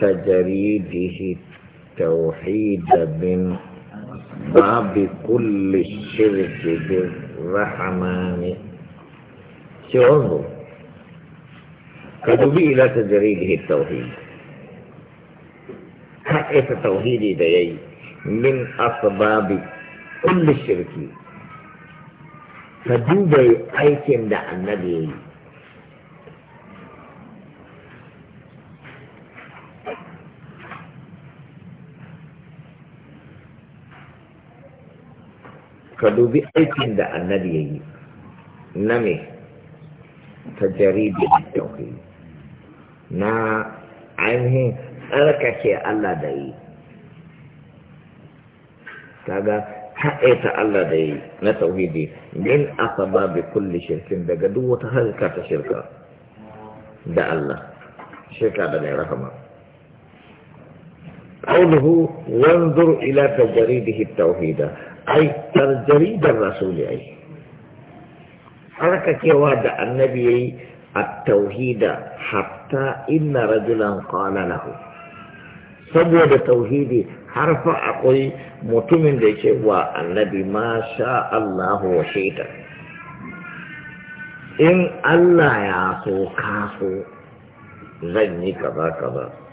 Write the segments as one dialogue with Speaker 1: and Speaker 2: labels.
Speaker 1: تجريده التوحيد من باب كل الشرك بالرحمن انظر كتبي إلى تجريده التوحيد حقيقة توحيدي دي من أسباب كل الشرك فدوبي أيتم دع النبي ka dubi aikin da annabi ya yi na me ta jaribi da tauhidi na ainihin tsarkake Allah da yi kaga haɗaita Allah da yi na tauhidi min asaba bi kulli shirkin daga duk wata harka ta shirka da Allah shirka da mai rahama قوله وانظر إلى تجريده التوحيد أي تجريد الرسول أي حركة وعد النبي التوحيد حتى إن رجلا قال له سبب توحيد حرف أقول متمن ديشي والنبي ما شاء الله وشيدا إن الله يعصو كاسو زني كذا كذا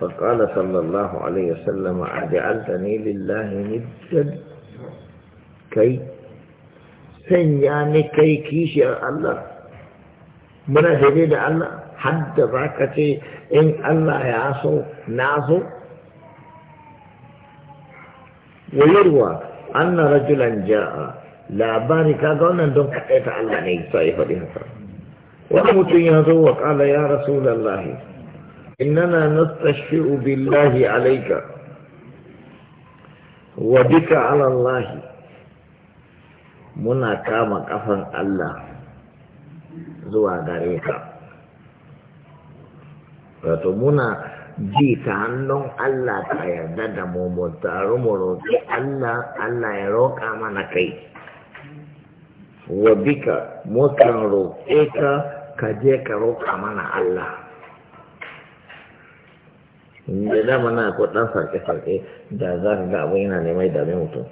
Speaker 1: فقال صلى الله عليه وسلم أجعلتني لله ندا كي سنجاني كي كيشي الله من جديد الله حد راكتي إن الله يعصو نعصو ويروى أن رجلا جاء لا بارك أن دون كأيت الله نيسا يفضي هكذا ومتين وقال يا رسول الله إننا نستشفئ بالله عليك وبك على الله منا kama كفن الله زوا غريكا wato muna ji ta hannun Allah ta yarda da mu mu mu roƙi Allah Allah ya roƙa mana kai wa bika mu kan roƙe ka ka je ka roƙa mana Allah da dama na ko dan sarki sarki da za ka ga abu yana neman mai mutum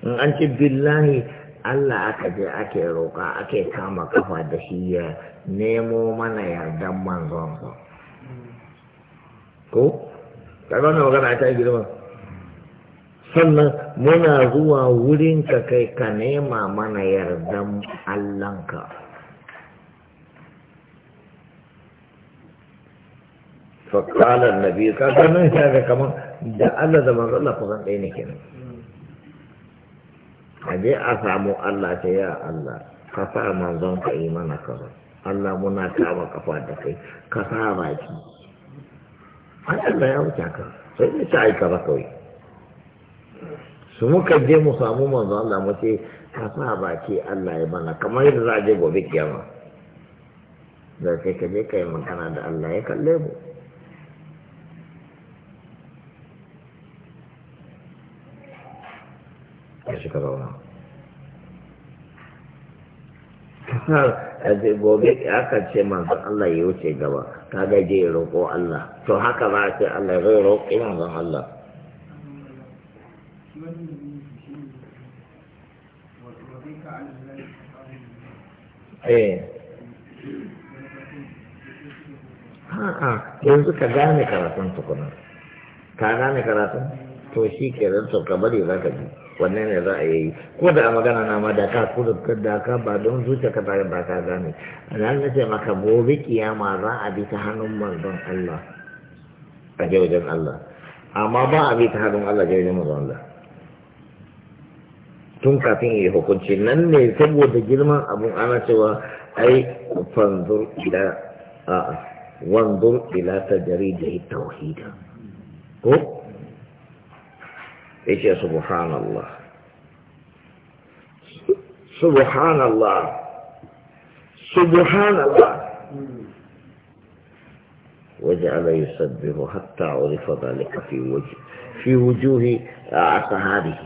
Speaker 1: hmm, in an ci billahi Allah aka je ake roƙa ake kama kafa da shi ya nemo mana yardan manzon sa ko kaga wannan magana ta girma sannan muna zuwa wurin ka kai ka nema mana yardan Allahnka fakalar na biyu kaga nan ya ga kamar da Allah da manzo Allah kusan ɗaya ne kenan a je a samu Allah ta ya Allah ka sa manzon ka yi mana kaza Allah muna kama kafa da kai ka sa baki an Allah ya wuce ka sai ne ta aika ba kawai su muka je mu samu manzo Allah mu ce ka sa baki Allah ya bana kamar yadda za a je gobe kiyama da kai ka je ka yi magana da Allah ya kalle mu ya shiga zauna gobe aka ce manzon Allah ya wuce gaba ka ga je roƙo Allah to haka ba ce Allah zai ina manzon Allah eh a'a yanzu ka gane karatun tukuna ka gane karatun to shi ke rinsa ka bari za ka ji wanne ne za a yi ko da a magana na ma da ka kudurkar da ka ba don zuciya ka tare ba ka gane a nan na ce maka gobe kiyama za a bi ta hannun manzon Allah a wajen Allah amma ba a bi ta hannun Allah wajen manzon Allah tun kafin yi hukunci nan ne saboda girman abun ana cewa ai fanzur ila a wanzur ila tajridihi tauhida ko إيش يا سبحان الله سبحان الله سبحان الله وجعل يسبح حتى عرف ذلك في وجه في وجوه آه، أصحابه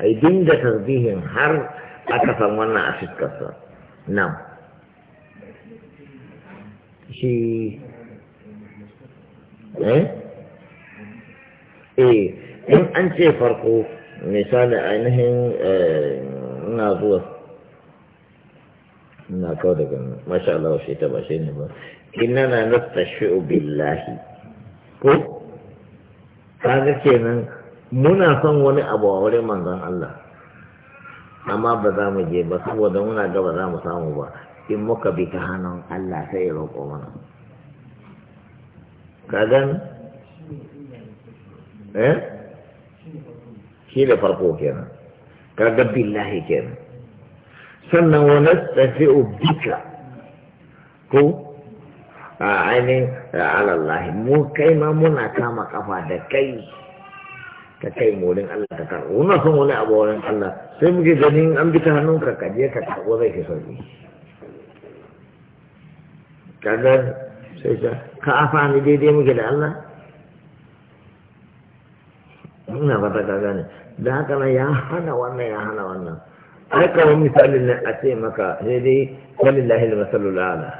Speaker 1: أي دين تسبيح هر أتفهمنا أشد كسر نعم شيء إيه eh in an ce farko misali ainihin eh, ina zuwa ina kawo daga masha Allah shi ta bashe ne ba inna na nastashi'u billahi ko kaga kenan muna son wani abu a wurin manzon Allah amma ba za mu je ba saboda muna ga ba za mu samu ba in muka bi ta hannun Allah sai ya roƙo mana kagan eh shi ne farko kenan kaga billahi kenan sannan wa nastafi'u bika ko a ainihin alallahi mu kai ma muna kama kafa da kai ka kai molin Allah ka karɓo muna son wani abu wani Allah sai muke ganin an bi ta hannun ka je ka karɓo zai ke sauki kaga sai ka afani ni daidai muke da Allah ina ba ta gane da haka nan ya hana wannan ya hana wannan ai kamar misali ne a ce maka sai dai walillahi al-masalul a'la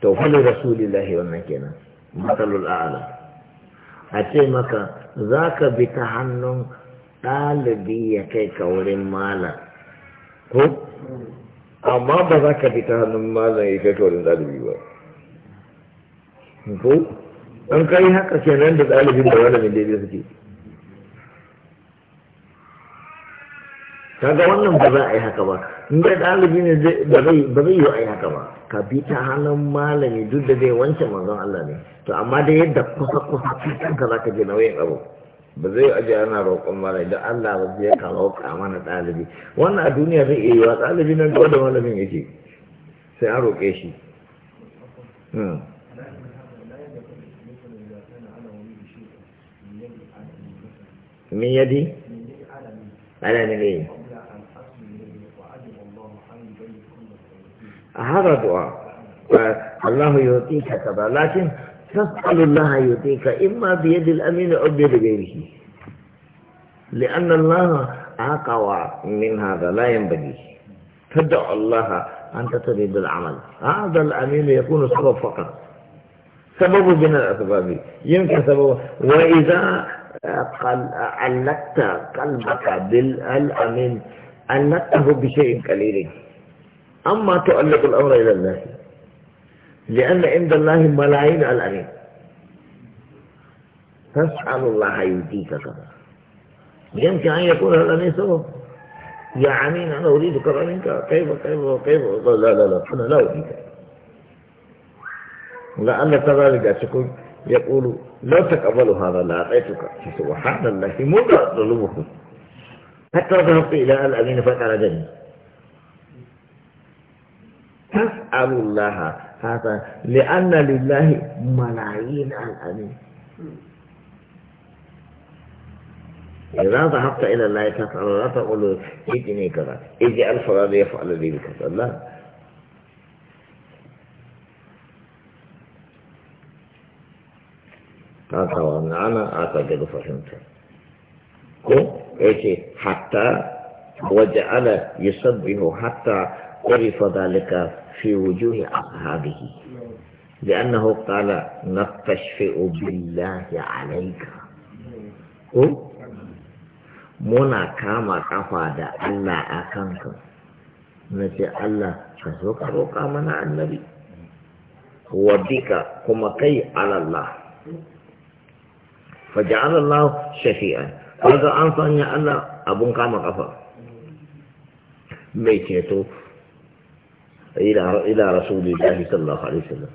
Speaker 1: to fa rasulillahi wannan kenan masalul a'la a ce maka zaka bi ta hannun ɗalibi ya kai ka wurin malam ko amma ba za ka bi ta hannun malam ya kai ka wurin ɗalibi ba ko an kai haka kenan da ɗalibin da mai daidai suke kaga wannan ba za a yi haka ba in dai ɗalibi ne ba zai yi a yi haka ba ka bi ta hannun malami duk da zai wancan manzon Allah ne to amma dai yadda kusa kusa cikin ka zaka je nauyin abu ba zai yi aje ana roƙon malami da Allah ba zai ka mana ɗalibi wannan a duniya zai iya yiwa ɗalibi nan da malamin yake sai an roƙe shi. Hmm. من يدي على نبيه هذا دعاء الله يعطيك كذا لكن تسأل الله يعطيك إما بيد الأمين أو بيد غيره لأن الله أقوى من هذا لا ينبغي تدعو الله أنت تريد العمل هذا الأمين يكون سبب فقط سبب من الأسباب يمكن سبب وإذا علقت قلبك بالأمن علقته بشيء قليل أما تعلق الأمر إلى الله لأن عند الله ملايين الأمين تسأل الله يؤتيك كذا يمكن أن يكون هذا الأمين سبب يا يعني عمين أنا أريدك منك كيف كيف كيف لا لا لا أنا لا أريدك لأن كذلك أشكر يقول لا تقبل هذا لا أعطيتك سبحان الله مدى ظلمه حتى ذهبت إلى الأمين فقال جنة تسأل الله هذا لأن لله ملايين الأمين إذا ذهبت إلى الله تسأل لا تقول إذني كذا ألف فلان يفعل لي بكذا الله ta sawa na aka daga fahimta ko ya ce hatta waje ala ya sabbihu hatta ƙarifa dalika fi wujuhi ashabihi لأنه قال نستشفئ بالله alaika. ko muna kama kafa da Allah a kanka na ce Allah ka so ka roƙa mana annabi wa kuma kai alallah فجعل الله شفيئا هذا أنصى أن الله أبو قام قفا ميتيته إلى إلى رسول الله صلى الله عليه وسلم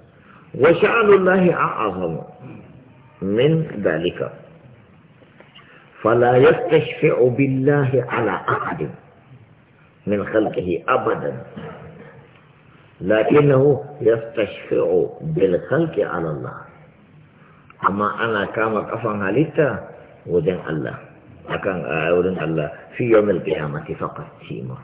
Speaker 1: وشعل الله أعظم من ذلك فلا يستشفع بالله على أحد من خلقه أبدا لكنه يستشفع بالخلق على الله amma ana kama kafan halitta wajen Allah akan a wurin Allah fi yawmil qiyamati faqat ma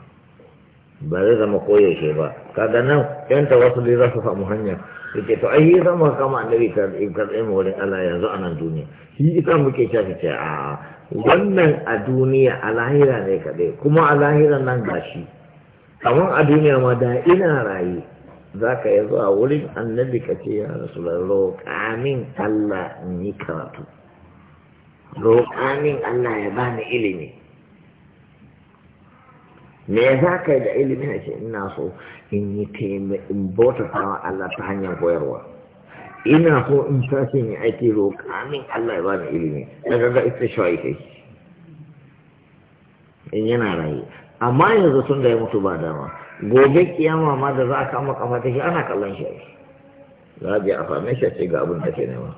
Speaker 1: ba zai zama koyaushe ba kaga nan yan tawassuli za su samu hanya ke to ai yi zama kama annabi ka tsaye ma wurin Allah yanzu a nan duniya shi ita muke shafi ce a wannan a duniya a lahira ne kaɗai kuma a lahira nan gashi kamar a duniya ma da ina raye za ka yi zuwa wurin annabi ka ce ya rasu da roƙamin Allah in yi karatu roƙamin Allah ya ba ni ilimi me za ka yi da ilimi na ce ina so in yi in bauta sawa Allah ta hanyar koyarwa ina so in tashi ne aiki roƙamin Allah ya ba ni ilimi na gaga ita shawai kai in yana rayu amma yanzu sun da ya mutu ba dama gobe kiyama ma da za a kama kafa ta shi ana kallon shi za a je a fama shi ce ga abin da ke nema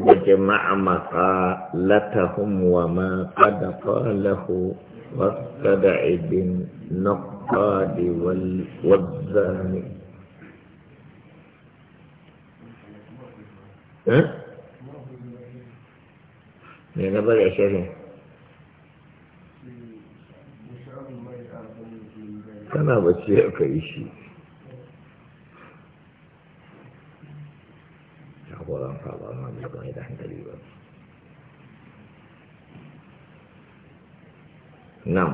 Speaker 1: wa ka maqalatahum wa ma qad qalahu wa qada'i ibin naqadi wal wadzani eh ne na bari a shirin kana bacci ya kai shi jagoran faɓa ma bai kuma da hankali ba nan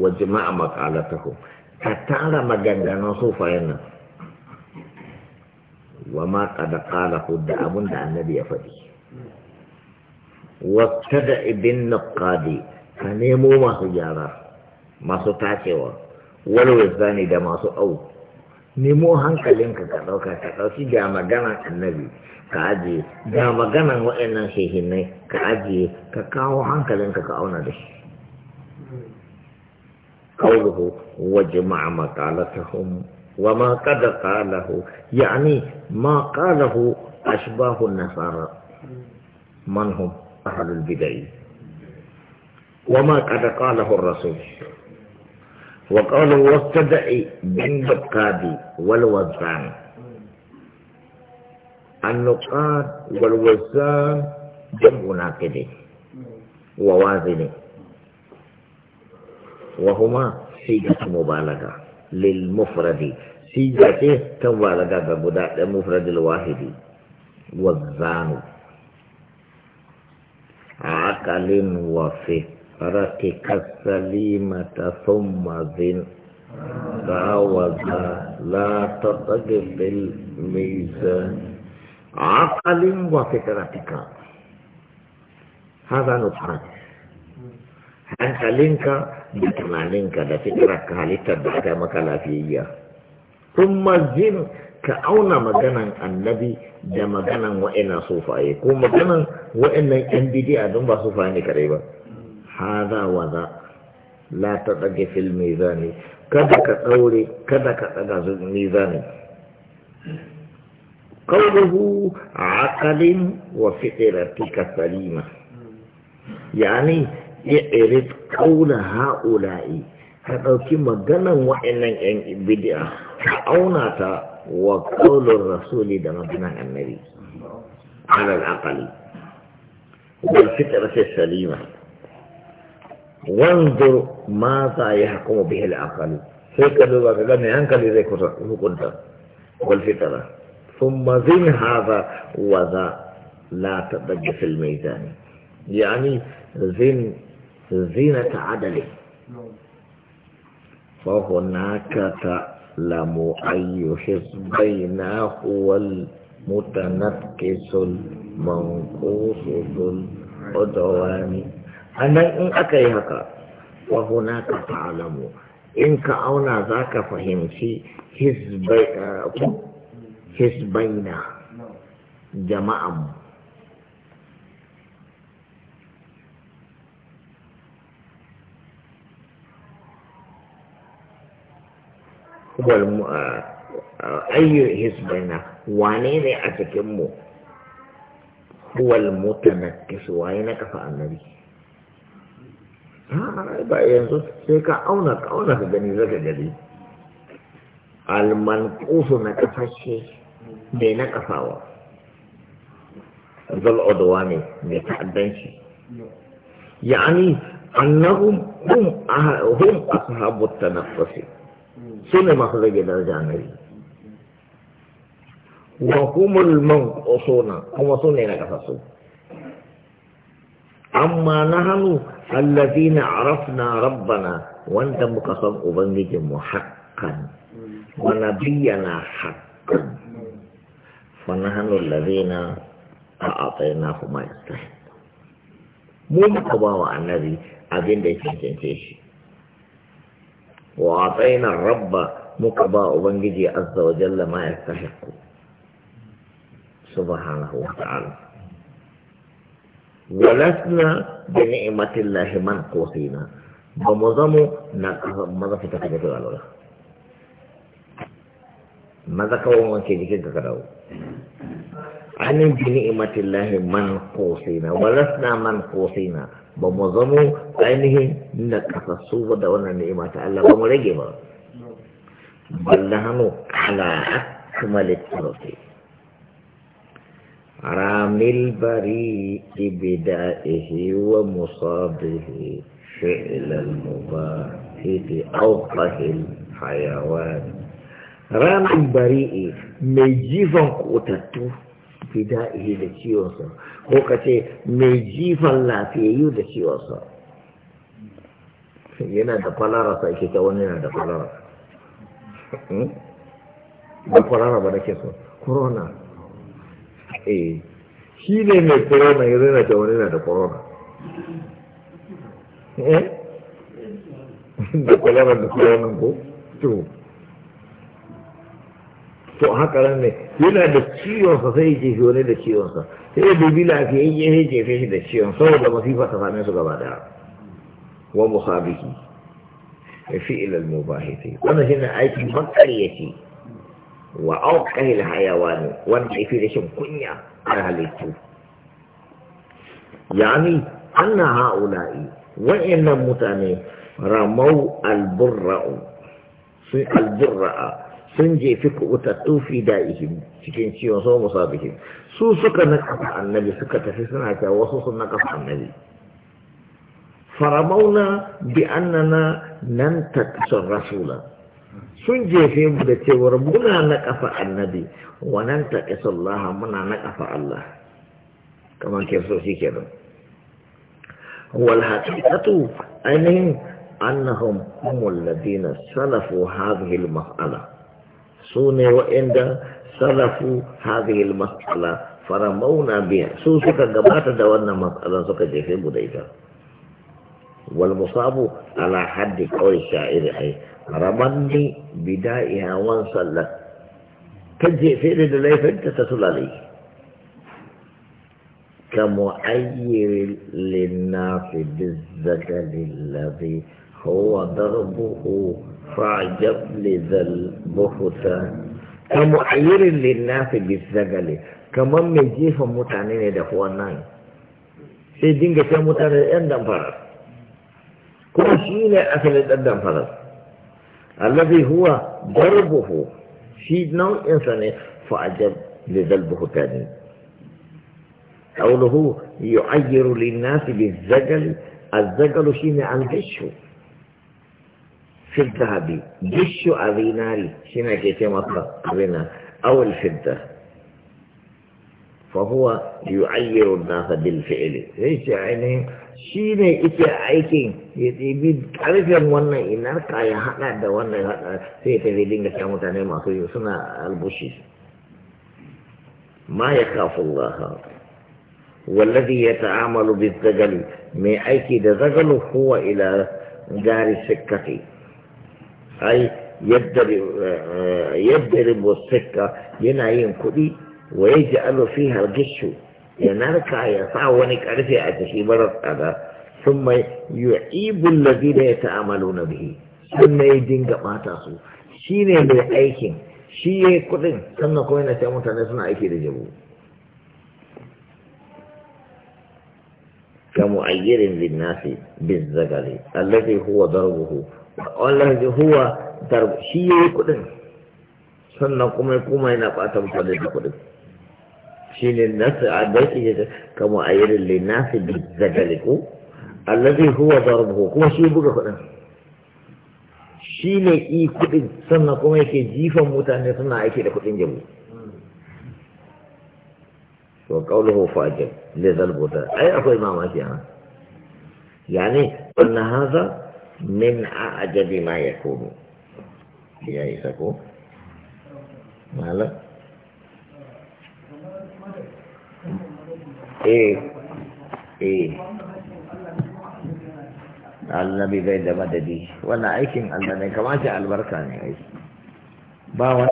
Speaker 1: waje ma'a makalatahu ka tara maganganun sufayen nan wa ma kada kala da abin da annabi ya faɗi wata da ibin nukadi ka nemo masu gyara masu tacewa walwe zani da masu au nemo hankalinka ka ɗauka ka ɗauki ga maganan annabi ka ajiye ga maganan waɗannan shehinai ka ajiye ka kawo hankalinka ka auna da shi kawuhu waje ma'amakalatahun wa ma kada kalahu ya ne ma kalahu a shibahun nasara manhum a halin bidai wa ma kada kalahun rasul وقالوا واستدعي بالنقاد والوزان النقاد والوزان جمع ناقد ووازن وهما سيجة مبالغة للمفرد سيجة مبالغة بمداد المفرد الواحد والزان عقل وفكر ركك السليمة ثم ذن تعوذا لا تطق بالميزان عقل وفكرتك هذا نطحان hankalinka da tunaninka da fikirarka halittar da aka maka lafiyayya kuma jin ka auna maganan annabi da maganan wa'ina sufaye ko maganan wa'annan yan bidiya don ba sufaye ne kare ba haza wa za la ta tsage fil mizani kada ka daure kada ka tsaga su mizani qawluhu aqalin wa fitratika salima yani i'rid qawla ha'ula'i ka ɗauki maganan wa'annan yan bid'a ka auna ta wa qawlur da maganan salima وانظر ماذا يحكم به الأقل هيك لو غني انك لي ذيك والفطرة ثم زين هذا وذا لا تضج في الميزان يعني زين زينة عدل فهناك تعلم أي حزبين هو المتنكس المنقوص ذو العدوان annan in aka yi haka wahuna hunaka ta'lamu in ka auna za ka fahimci uh, hisbaina jama'an uh, uh, ayyu hisbaina wane ne a cikinmu huwal mutanakkisu na kafa annabi ba yanzu sai ka auna ka auna ka gani zaka gani almanqusu na kasashe. Mai na kafawa zal odwa ne mai ta'addanci yani annahum hum hum ashabu tanaffus sune masu rage daraja annabi wa humul manqusuna kuma sune na kafasu amma na hannu allazina arafna rabbana wanda muka san ubangijin mu haqqan wa nabiyyana haqqan fa nahnu allazina a'tainahum ma yastahib mu muka ba wa annabi abin da yake cancance shi wa a'tayna rabba muka ba ubangiji azza wa jalla ma yastahiq subhanahu wa ta'ala walasna da ni'imatin lahiman kosina ba mu zamo na maza fita ka jafi walwala maza kawai wanke jikin ka dawo anin bi ni'imatin lahiman kosina walasna man kosina ba mu zamo ainihin na kasa ba da wannan ni'ima ta Allah ba mu rage ba balla hannu ala akmalit tarafi Ramil bari ibida ihi wa musabi fi ilal muba titi au kahil hayawan. Ramil bari i me jifan ko ta tu fi ko ka ce me jifan lafiya yi da Yana da kwalara wani yana da kwalara. Ba kwalara ba Korona. eh shi ne mai corona ya zai ta wani na da korona eh? da kwalaman da korona ko to to haka ran ne yana da ciwon sa sai yake shi wani da ciwon sa sai ya dubi lafiyayye ya jefe shi da ciwon saboda masifa ta same su gaba daya wa musabihi fi ila al-mubahisi wannan ne aikin ce. wa auqahil hayawani wanda yake rashin kunya a halittu yani anna haula'i wa'annan mutane ramau alburra'u sun alburra'a sun jefi kubutattu fi da'ihim cikin ciwon sau musabihim su suka nakasa annabi suka tafi suna ta wasu sun nakasa annabi faramauna bi annana nan ta rasula sun jefe mu da cewar muna na kafa annabi wannan ta Allah muna na kafa Allah kamar ke so shi kenan wal haqiqatu ainihin annahum humul ladina salafu hadhihi al mas'ala sune wa'inda salafu hadhihi al mas'ala faramauna biya su suka gabata da wannan mas'alan suka jefe mu da ita wal musabu ala haddi qawl sha'iri ai ramanni bida'iha wan sallat ta jefe da laifinta ta sulale ka mu'ayyir linnafi bizzakari lazi huwa darbuhu fa'jab li zal buhuta ka mu'ayyir linnafi bizzakari kamar mai jefa mutane ne da wannan sai dinga sai mutane yan damfara kuma shi ne asalin dan damfarar الذي هو ضربه في نوع إنساني فأجب لذلبه ثاني قوله يعير للناس بالزجل الزجل شين عن جشه في الذهب جش أذيناري شين كيتي مطلع أذينا أو الفدة فهو يعير الناس بالفعل ليس عينيه shi ne ike aikin ya ɗibi ƙarfin wannan inarka ya haɗa da wannan haɗa sai ta zai dinga sha mutane masu yi suna albushi ma ya kafin laha wallazi ya ta'amalu bi zagali mai aiki da zagalu huwa ila gari sikkati ai yadda ribo sikka yana yin kuɗi wa ya ji alo fi hargishu ya narka ya sa wani karfe a ciki barar tsada sun mai lafi da ya ladina na bihi sun mai dinga mata su shi ne mai aikin shi ya yi kudin sannan kuma yana cewa mutane suna aiki da jabu mu'ayyirin linnasi bin كمؤير للناس بالزغل الذي هو huwa والذي shi ya yi kudin sannan kuma kuma yana fata mutane da kudin شين الناس عديت كمؤير للناس بالزجلك الذي هو ضربه كما شيء بقى shi ne i kudin sannan kuma yake jifan mutane suna aiki da kudin jamu to qawluhu fajir li zalbuta ai akwai mamaki ana yani anna hadha min a'jabi ma yakunu ya isa ko mala eh eh annabi bai da madadi wannan aikin Allah ne kamata albarka ne ba